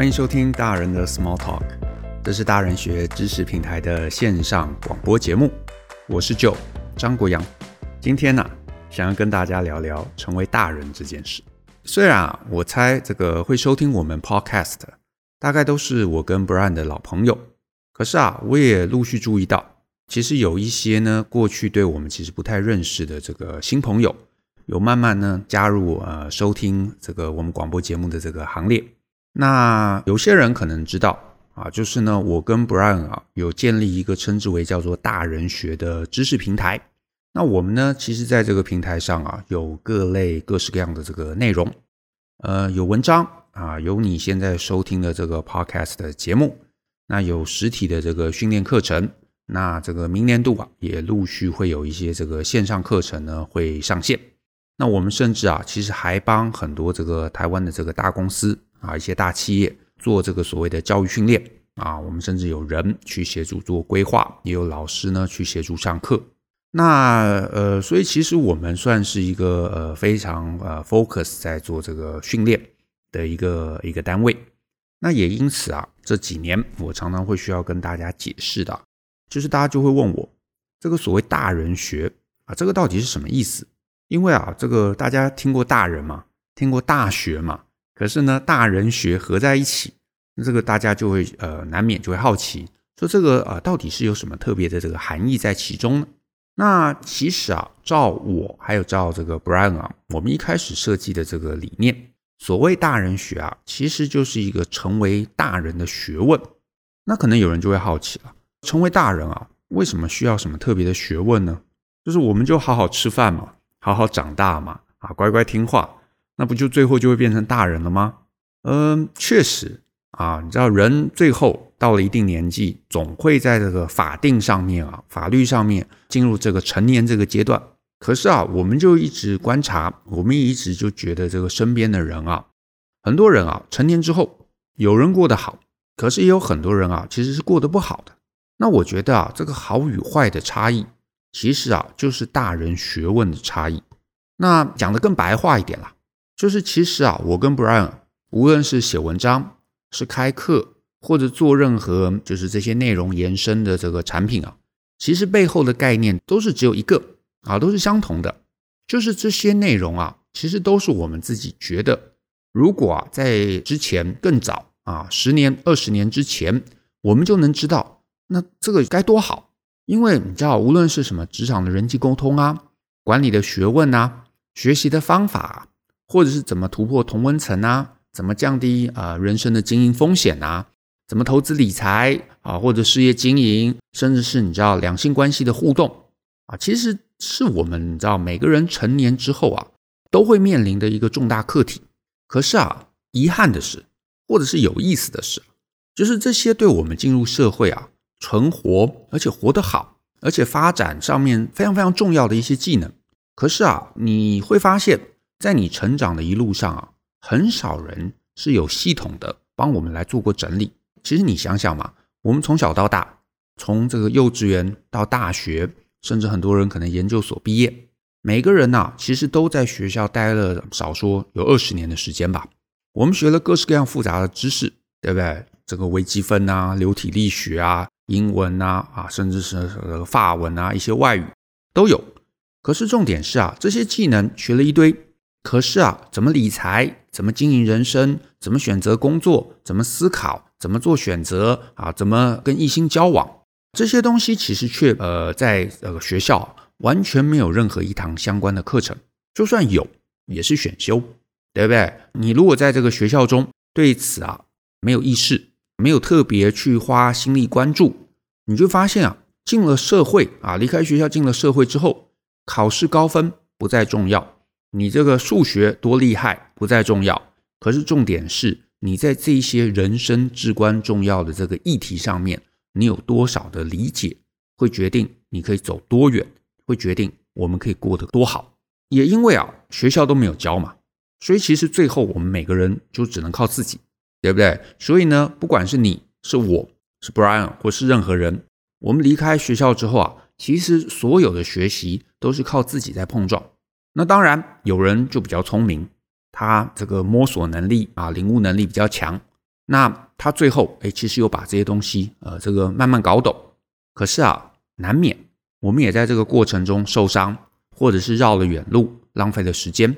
歡迎收聽大人的 Small Talk，這是大人學知識平台的線上廣播節目。我是 Joe，張國陽，今天呢、啊，想要跟大家聊聊成為大人這件事。雖然啊，我猜這個會收聽我們 Podcast 大概都是我跟 Brian 的老朋友，可是啊，我也陸續注意到，其實有一些呢，過去對我們其實不太認識的這個新朋友，有慢慢呢加入呃收聽這個我們廣播節目的這個行列。那有些人可能知道啊，就是呢，我跟 Bryan 啊有建立一個稱之為叫做大人學的知識平台。那我們呢，其實在這個平台上啊，有各類各式各樣的這個內容，呃，有文章啊，有你現在收聽的這個 Podcast 的節目，那有實體的這個訓練課程，那這個明年度啊，也陸續會有一些這個線上課程呢，會上線。那我們甚至啊，其實還幫很多這個台灣的這個大公司啊，一些大企業做這個所謂的教育訓練啊。我們甚至有人去協助做規劃，也有老師呢去協助上課。那呃，所以其實我們算是一個呃非常呃 focus 在做這個訓練的一個一個單位。那也因此啊，這幾年我常常會需要跟大家解釋的，就是大家就會問我，這個所謂大人學啊，這個到底是什麼意思？因為啊，這個大家聽過大人嘛，聽過大學嘛，可是呢，大人學合在一起，那這個大家就會呃，難免就會好奇，說這個啊、呃，到底是有什麼特別的這個含義在其中呢？那其實啊，照我還有照這個 Bryan 啊，我們一開始設計的這個理念，所謂大人學啊，其實就是一個成為大人的學問。那可能有人就會好奇了，成為大人啊，為什麼需要什麼特別的學問呢？就是我們就好好吃飯嘛。好好長大嘛，啊，乖乖聽話，那不就最後就會變成大人了嗎？嗯，確實啊，你知道人最後到了一定年紀，總會在這個法定上面啊，法律上面進入這個成年這個階段。可是啊，我們就一直觀察，我們一直就覺得這個身邊的人啊，很多人啊，成年之後有人過得好，可是也有很多人啊，其實是過得不好的。那我覺得啊，這個好與壞的差異，其實啊，就是大人學問的差異。那講得更白話一點啦，就是其實啊，我跟 Bryan 無論是寫文章、是開課或者做任何，就是這些內容延伸的這個產品啊，其實背後的概念都是只有一個啊，都是相同的。就是這些內容啊，其實都是我們自己覺得，如果啊，在之前更早啊，十年、二十年之前，我們就能知道，那這個該多好。因為你知道，無論是什麼職場的人際溝通啊，管理的學問啊，學習的方法、啊，或者是怎麼突破同溫層啊，怎麼降低啊、呃、人生的經營風險啊，怎麼投資理財啊、呃，或者事業經營，甚至是你知道兩性關係的互動啊，其實是我們你知道每個人成年之後啊，都會面臨的一個重大課題。可是啊，遺憾的是，或者是有意思的是，就是這些對我們進入社會啊。存活，而且活得好，而且發展上面非常非常重要的一些技能。可是啊，你會發現，在你成長的一路上啊，很少人是有系統的幫我們來做過整理。其實你想想嘛，我們從小到大，從這個幼稚園到大學，甚至很多人可能研究所畢業，每個人吶、啊，其實都在學校待了少說有二十年的時間吧。我們學了各式各樣複雜的知識，對不對？這個微積分啊，流體力學啊。英文啊啊，甚至是法文啊，一些外語都有。可是重點是啊，這些技能學了一堆，可是啊，怎麼理財，怎麼經營人生，怎麼選擇工作，怎麼思考，怎麼做選擇啊，怎麼跟異性交往，這些東西其實卻呃，在呃學校、啊、完全沒有任何一堂相關的課程，就算有也是選修，對不對？你如果在這個學校中對此啊沒有意識。沒有特別去花心力關注，你就發現啊，進了社會啊，離開學校進了社會之後，考試高分不再重要，你這個數學多厲害不再重要。可是重點是，你在這些人生至關重要的這個議題上面，你有多少的理解，會決定你可以走多遠，會決定我們可以過得多好。也因為啊，學校都沒有教嘛，所以其實最後我們每個人就只能靠自己。對不對？所以呢，不管是你是我是 Brian 或是任何人，我們離開學校之後啊，其實所有的學習都是靠自己在碰撞。那當然，有人就比較聰明，他這個摸索能力啊、領悟能力比較強，那他最後哎，其實又把這些東西呃，這個慢慢搞懂。可是啊，難免我們也在這個過程中受傷，或者是繞了遠路，浪費了時間。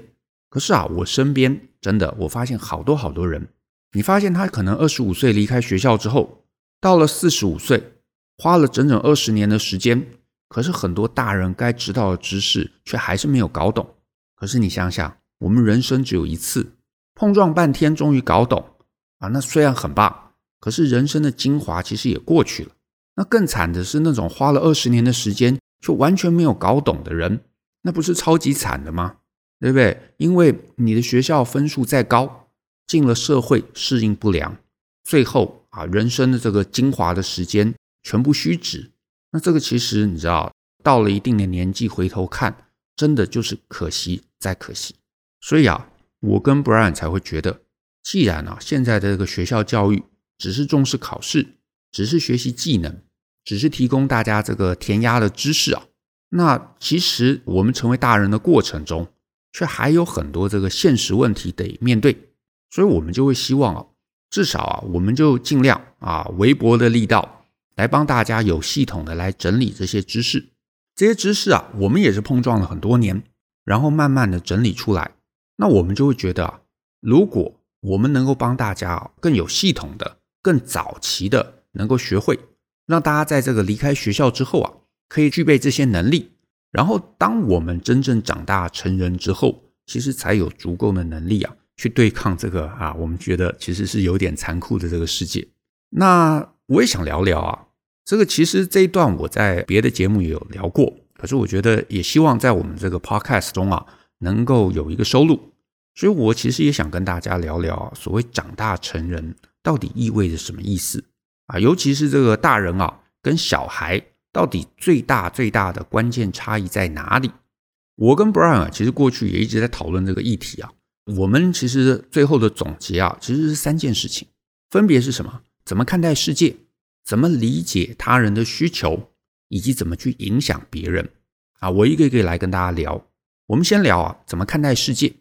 可是啊，我身邊真的我發現好多好多人。你發現他可能二十五歲離開學校之後，到了四十五歲，花了整整二十年的時間，可是很多大人該知道的知識卻還是沒有搞懂。可是你想想，我們人生只有一次，碰撞半天終於搞懂啊，那雖然很棒，可是人生的精華其實也過去了。那更慘的是那種花了二十年的時間卻完全沒有搞懂的人，那不是超級慘的嗎？對不對？因為你的學校分數再高，進了社會適應不良，最後啊，人生的這個精華的時間全部虛擲。那這個其實你知道，到了一定的年紀回頭看，真的就是可惜再可惜。所以啊，我跟 Brian 才會覺得，既然啊現在的這個學校教育只是重視考試，只是學習技能，只是提供大家這個填鴨的知識啊，那其實我們成為大人的過程中，卻還有很多這個現實問題得面對。所以我們就會希望啊，至少啊，我們就盡量啊，微薄的力道來幫大家有系統的來整理這些知識。這些知識啊，我們也是碰撞了很多年，然後慢慢的整理出來。那我們就會覺得啊，如果我們能夠幫大家啊，更有系統的、更早期的能夠學會，讓大家在這個離開學校之後啊，可以具備這些能力。然後，當我們真正長大成人之後，其實才有足夠的能力啊。去對抗這個啊，我們覺得其實是有點殘酷的這個世界。那我也想聊聊啊，這個其實這一段我在別的節目也有聊過，可是我覺得也希望在我們這個 podcast 中啊，能夠有一個收入。所以我其實也想跟大家聊聊啊，所謂長大成人到底意味着什麼意思啊？尤其是這個大人啊，跟小孩到底最大最大的關鍵差異在哪裡？我跟 Bryan 啊，其實過去也一直在討論這個議題啊。我們其實最後的總結啊，其實是三件事情，分別是什麼？怎麼看待世界？怎麼理解他人的需求？以及怎麼去影響別人？啊，我一個一個來跟大家聊。我們先聊啊，怎麼看待世界？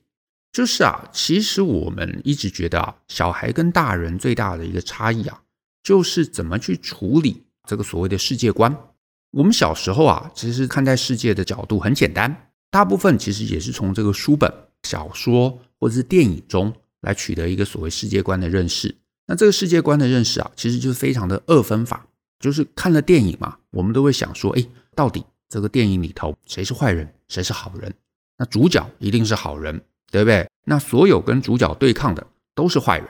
就是啊，其實我們一直覺得啊，小孩跟大人最大的一個差異啊，就是怎麼去處理這個所謂的世界觀。我們小時候啊，其實看待世界的角度很簡單，大部分其實也是從這個書本、小說，或者是電影中來取得一個所謂世界觀的認識，那這個世界觀的認識啊，其實就是非常的二分法，就是看了電影嘛，我們都會想說，哎，到底這個電影裡頭誰是壞人，誰是好人？那主角一定是好人，對不對？那所有跟主角對抗的都是壞人。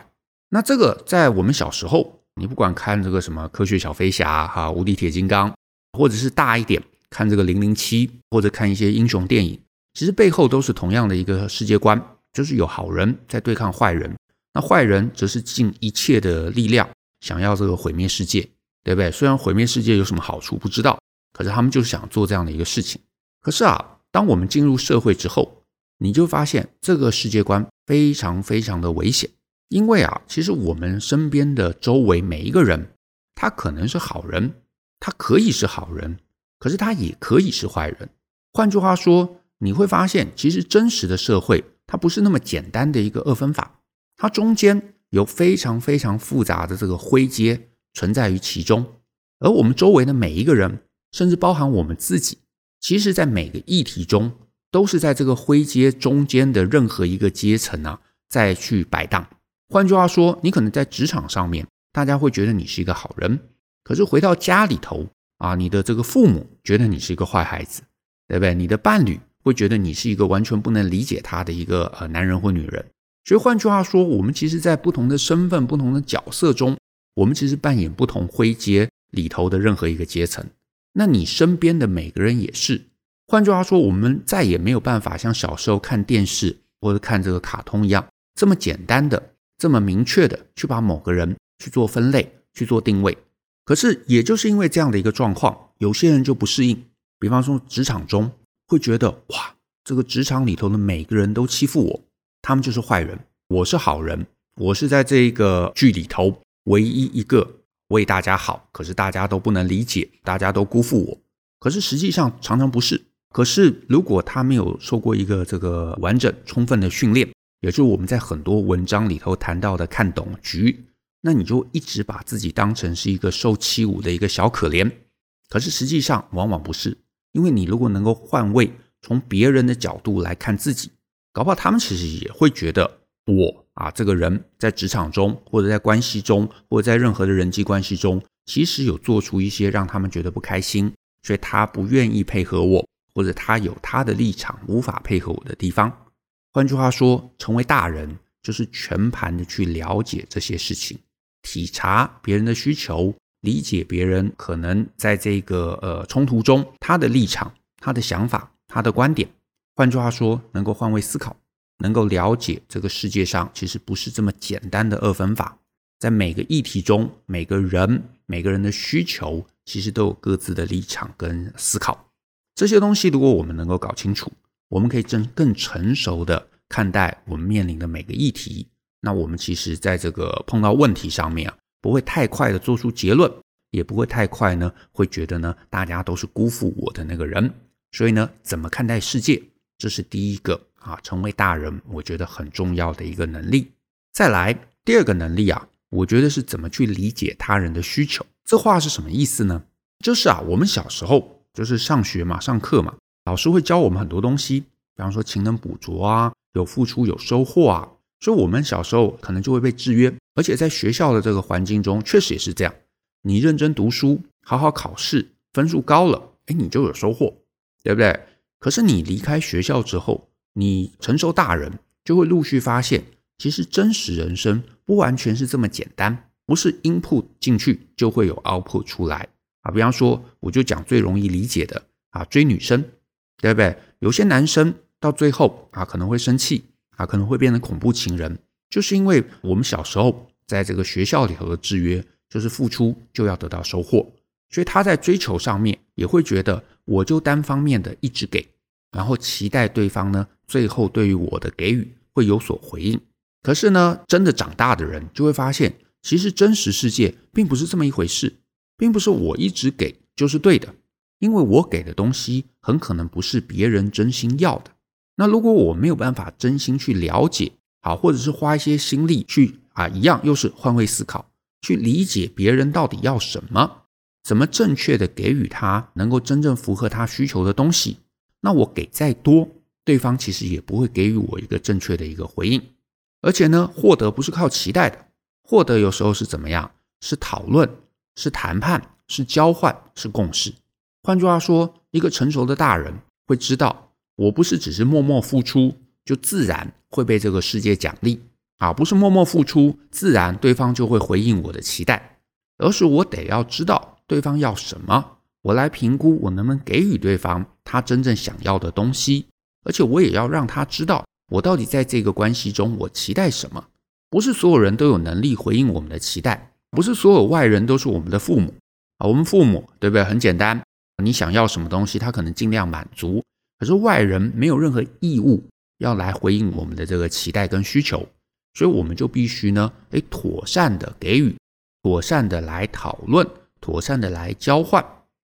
那這個在我們小時候，你不管看這個什麼科學小飛俠哈、啊、無敵鐵金剛，或者是大一點看這個零零七，或者看一些英雄電影，其實背後都是同樣的一個世界觀。就是有好人在對抗壞人，那壞人則是盡一切的力量想要這個毀滅世界，對不對？雖然毀滅世界有什麼好處不知道，可是他們就是想做這樣的一個事情。可是啊，當我們進入社會之後，你就發現這個世界觀非常非常的危險，因為啊，其實我們身邊的周圍每一個人，他可能是好人，他可以是好人，可是他也可以是壞人。換句話說，你會發現，其實真實的社會。它不是那麼簡單的一個二分法，它中間有非常非常複雜的這個灰階存在於其中，而我們周圍的每一個人，甚至包含我們自己，其實，在每個議題中，都是在這個灰階中間的任何一個階層啊，再去擺盪。換句話說，你可能在職場上面，大家會覺得你是一個好人，可是回到家裡頭啊，你的這個父母覺得你是一個壞孩子，對不對？你的伴侶。會覺得你是一個完全不能理解他的一個呃、男人或女人，所以換句話說，我們其實，在不同的身份、不同的角色中，我們其實扮演不同灰階裡頭的任何一個階層。那你身邊的每個人也是。換句話說，我們再也沒有辦法像小時候看電視或者看這個卡通一樣，這麼簡單的、這麼明確的去把某個人去做分類、去做定位。可是，也就是因為這樣的一個狀況，有些人就不適應。比方說，職場中，會覺得哇，這個職場裡頭的每個人都欺負我，他們就是壞人，我是好人，我是在這個局裡頭唯一一個為大家好，可是大家都不能理解，大家都辜負我，可是實際上常常不是。可是如果他沒有受過一個這個完整充分的訓練，也就是我們在很多文章裡頭談到的看懂局，那你就一直把自己當成是一個受欺侮的一個小可憐，可是實際上往往不是。因為你如果能夠換位，從別人的角度來看自己，搞不好他們其實也會覺得我啊，這個人在職場中，或者在關係中，或者在任何的人際關係中，其實有做出一些讓他們覺得不開心，所以他不願意配合我，或者他有他的立場無法配合我的地方。換句話說，成為大人就是全盤的去了解這些事情，體察別人的需求。理解別人可能在這個呃衝突中他的立場、他的想法、他的觀點，換句話說，能夠換位思考，能夠了解這個世界上其實不是這麼簡單的二分法，在每個議題中，每個人每個人的需求其實都有各自的立場跟思考。這些東西如果我們能夠搞清楚，我們可以正更成熟的看待我們面臨的每個議題。那我們其實在這個碰到問題上面啊。不會太快地做出結論，也不會太快呢，會覺得呢，大家都是辜負我的那個人。所以呢，怎麼看待世界？這是第一個啊，成為大人我覺得很重要的一個能力。再來第二個能力啊，我覺得是怎麼去理解他人的需求。這話是什麼意思呢？就是啊，我們小時候就是上學嘛，上課嘛，老師會教我們很多東西，比方說勤能補拙啊，有付出有收穫啊，所以我們小時候可能就會被制約。而且在學校的這個環境中，確實也是這樣。你認真讀書，好好考試，分數高了，哎，你就有收穫，對不對？可是你離開學校之後，你成熟大人就會陸續發現，其實真實人生不完全是這麼簡單，不是 input 進去就會有 output 出來啊。比方說，我就講最容易理解的啊，追女生，對不對？有些男生到最後啊，可能會生氣啊，可能會變成恐怖情人。就是因為我們小時候在這個學校裡頭的制約，就是付出就要得到收穫，所以他在追求上面也會覺得，我就單方面的一直給，然後期待對方呢，最後對於我的給予會有所回應。可是呢，真的長大的人就會發現，其實真實世界並不是這麼一回事，並不是我一直給就是對的，因為我給的東西很可能不是別人真心要的。那如果我沒有辦法真心去了解。好，或者是花一些心力去啊，一樣又是換位思考，去理解別人到底要什麼，怎麼正確地給予他能夠真正符合他需求的東西。那我給再多，對方其實也不會給予我一個正確的一個回應。而且呢，獲得不是靠期待的，獲得有時候是怎麼樣？是討論，是談判，是交換，是共識。換句話說，一個成熟的大人會知道，我不是只是默默付出，就自然。會被這個世界獎勵啊，不是默默付出，自然對方就會回應我的期待，而是我得要知道對方要什麼，我來評估我能不能給予對方他真正想要的東西，而且我也要讓他知道我到底在這個關係中我期待什麼。不是所有人都有能力回應我們的期待，不是所有外人都是我們的父母啊，我們父母對不對？很簡單，你想要什麼東西，他可能盡量滿足，可是外人沒有任何義務。要來回應我們的這個期待跟需求，所以我們就必須呢，誒、欸，妥善的給予，妥善的來討論，妥善的來交換。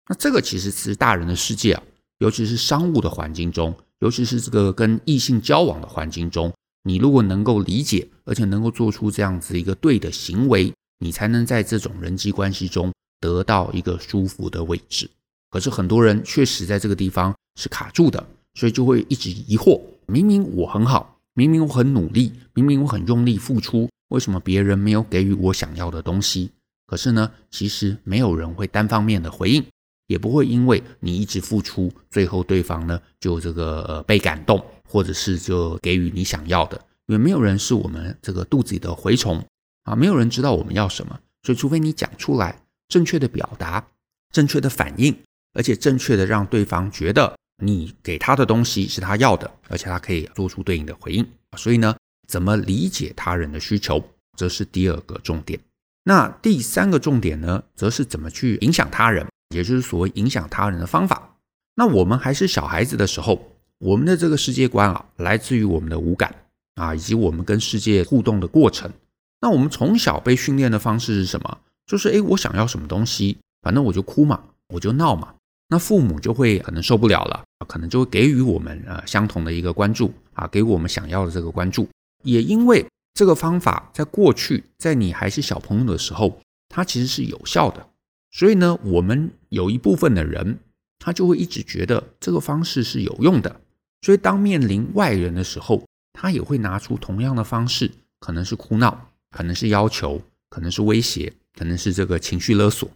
那這個其實是大人的世界啊，尤其是商務的環境中，尤其是這個跟異性交往的環境中，你如果能夠理解，而且能夠做出這樣子一個對的行為，你才能在這種人際關係中得到一個舒服的位置。可是很多人確實在這個地方是卡住的。所以就會一直疑惑：明明我很好，明明我很努力，明明我很用力付出，為什麼別人沒有給予我想要的東西？可是呢，其實沒有人會單方面的回應，也不會因為你一直付出，最後對方呢就這個、呃、被感動，或者是就給予你想要的，因為沒有人是我們這個肚子裡的蛔蟲啊，沒有人知道我們要什麼。所以，除非你講出來，正確的表達，正確的反應，而且正確的讓對方覺得。你給他的東西是他要的，而且他可以做出對應的回應。啊，所以呢，怎麼理解他人的需求，則是第二個重點。那第三個重點呢，則是怎麼去影響他人，也就是所謂影響他人的方法。那我們還是小孩子的時候，我們的這個世界觀啊，來自於我們的五感啊，以及我們跟世界互動的過程。那我們從小被訓練的方式是什麼？就是哎，我想要什麼東西，反正我就哭嘛，我就鬧嘛。那父母就會可能受不了了，啊、可能就會給予我們呃、啊、相同的一個關注啊，給我們想要的這個關注。也因為這個方法在過去，在你還是小朋友的時候，它其實是有效的。所以呢，我們有一部分的人，他就會一直覺得這個方式是有用的。所以當面臨外人的時候，他也會拿出同樣的方式，可能是哭鬧，可能是要求，可能是威脅，可能是這個情緒勒索。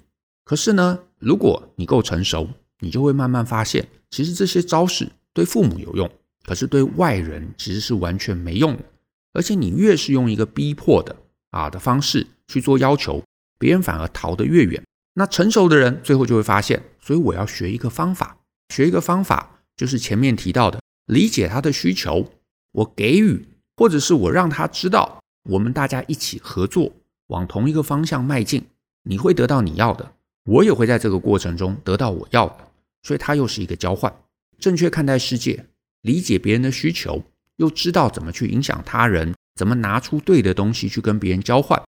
可是呢，如果你夠成熟，你就會慢慢發現，其實這些招式對父母有用，可是對外人其實是完全沒用的。而且你越是用一個逼迫的啊的方式去做要求，別人反而逃得越遠。那成熟的人最後就會發現，所以我要學一個方法，學一個方法就是前面提到的，理解他的需求，我給予，或者是我讓他知道，我們大家一起合作，往同一個方向邁進，你會得到你要的。我也會在這個過程中得到我要的，所以它又是一個交換。正確看待世界，理解別人的需求，又知道怎麼去影響他人，怎麼拿出對的東西去跟別人交換。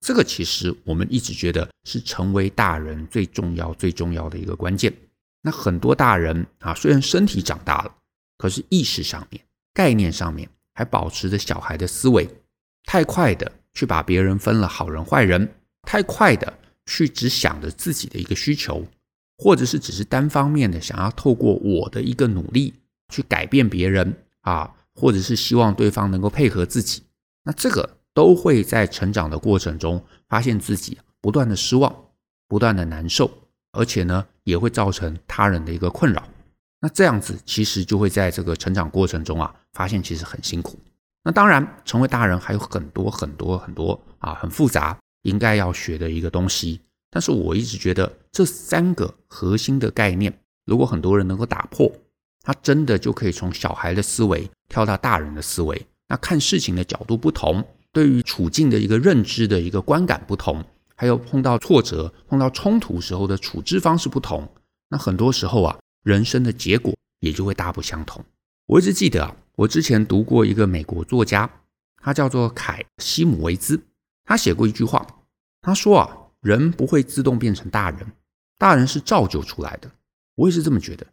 這個其實我們一直覺得是成為大人最重要、最重要的一個關鍵。那很多大人啊，雖然身體長大了，可是意識上面、概念上面還保持着小孩的思維，太快的去把別人分了好人壞人，太快的。去只想着自己的一個需求，或者是只是單方面的想要透過我的一個努力去改變別人啊，或者是希望對方能夠配合自己，那這個都會在成長的過程中發現自己不斷的失望，不斷的難受，而且呢也會造成他人的一個困擾。那這樣子其實就會在這個成長過程中啊，發現其實很辛苦。那當然，成為大人還有很多很多很多啊，很複雜。應該要學的一個東西，但是我一直覺得這三個核心的概念，如果很多人能夠打破，他真的就可以從小孩的思維跳到大人的思維，那看事情的角度不同，對於處境的一個認知的一個觀感不同，還有碰到挫折、碰到衝突時候的處置方式不同，那很多時候啊，人生的結果也就會大不相同。我一直記得啊，我之前讀過一個美國作家，他叫做凱．海莫維茲，他寫過一句話。他說啊，人不會自動變成大人，大人是造就出來的。我也是這麼覺得。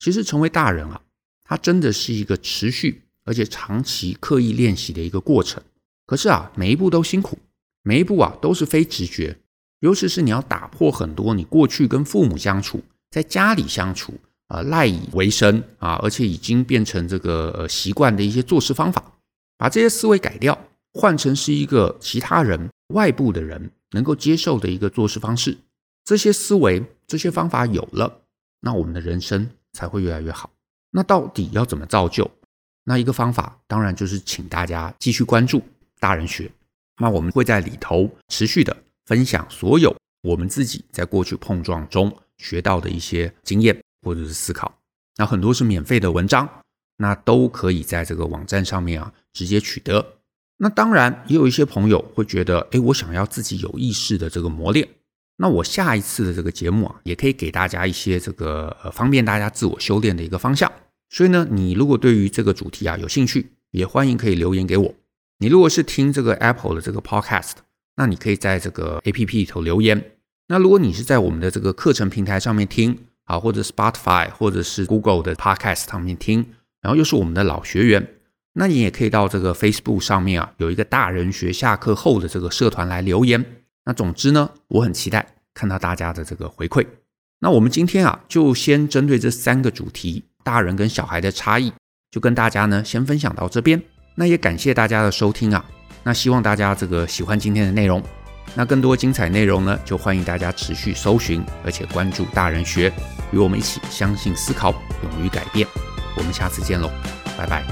其實成為大人啊，他真的是一個持續而且長期刻意練習的一個過程。可是啊，每一步都辛苦，每一步啊都是非直覺。尤其是你要打破很多你過去跟父母相處，在家裡相處啊，呃，賴以為生啊，而且已經變成這個呃習慣的一些做事方法，把這些思維改掉，換成是一個其他人，外部的人。能夠接受的一個做事方式。這些思維、這些方法有了，那我們的人生才會越來越好。那到底要怎麼造就？那一個方法當然就是請大家繼續關注大人學。那我們會在裡頭持續的分享所有我們自己在過去碰撞中學到的一些經驗或者是思考。那很多是免費的文章，那都可以在這個網站上面啊直接取得。那當然，也有一些朋友會覺得，哎，我想要自己有意識的這個磨練，那我下一次的這個節目啊，也可以給大家一些這個、呃、方便大家自我修煉的一個方向。所以呢，你如果對於這個主題啊有興趣，也歡迎可以留言給我。你如果是聽這個 Apple 的這個 Podcast，那你可以在這個 APP 裡頭留言。那如果你是在我們的這個課程平台上面聽啊，或者 Spotify 或者是 Google 的 Podcast 上面聽，然後又是我們的老學員。那你也可以到這個 Facebook 上面啊，有一個大人學下課後的這個社團來留言。那總之呢，我很期待看到大家的這個回饋。那我們今天啊，就先針對這三個主題，大人跟小孩的差異，就跟大家呢先分享到這邊。那也感謝大家的收聽啊。那希望大家這個喜歡今天的內容。那更多精彩內容呢，就歡迎大家持續搜尋，而且關注大人學，與我們一起相信、思考、勇於改變。我們下次見嘍，拜拜。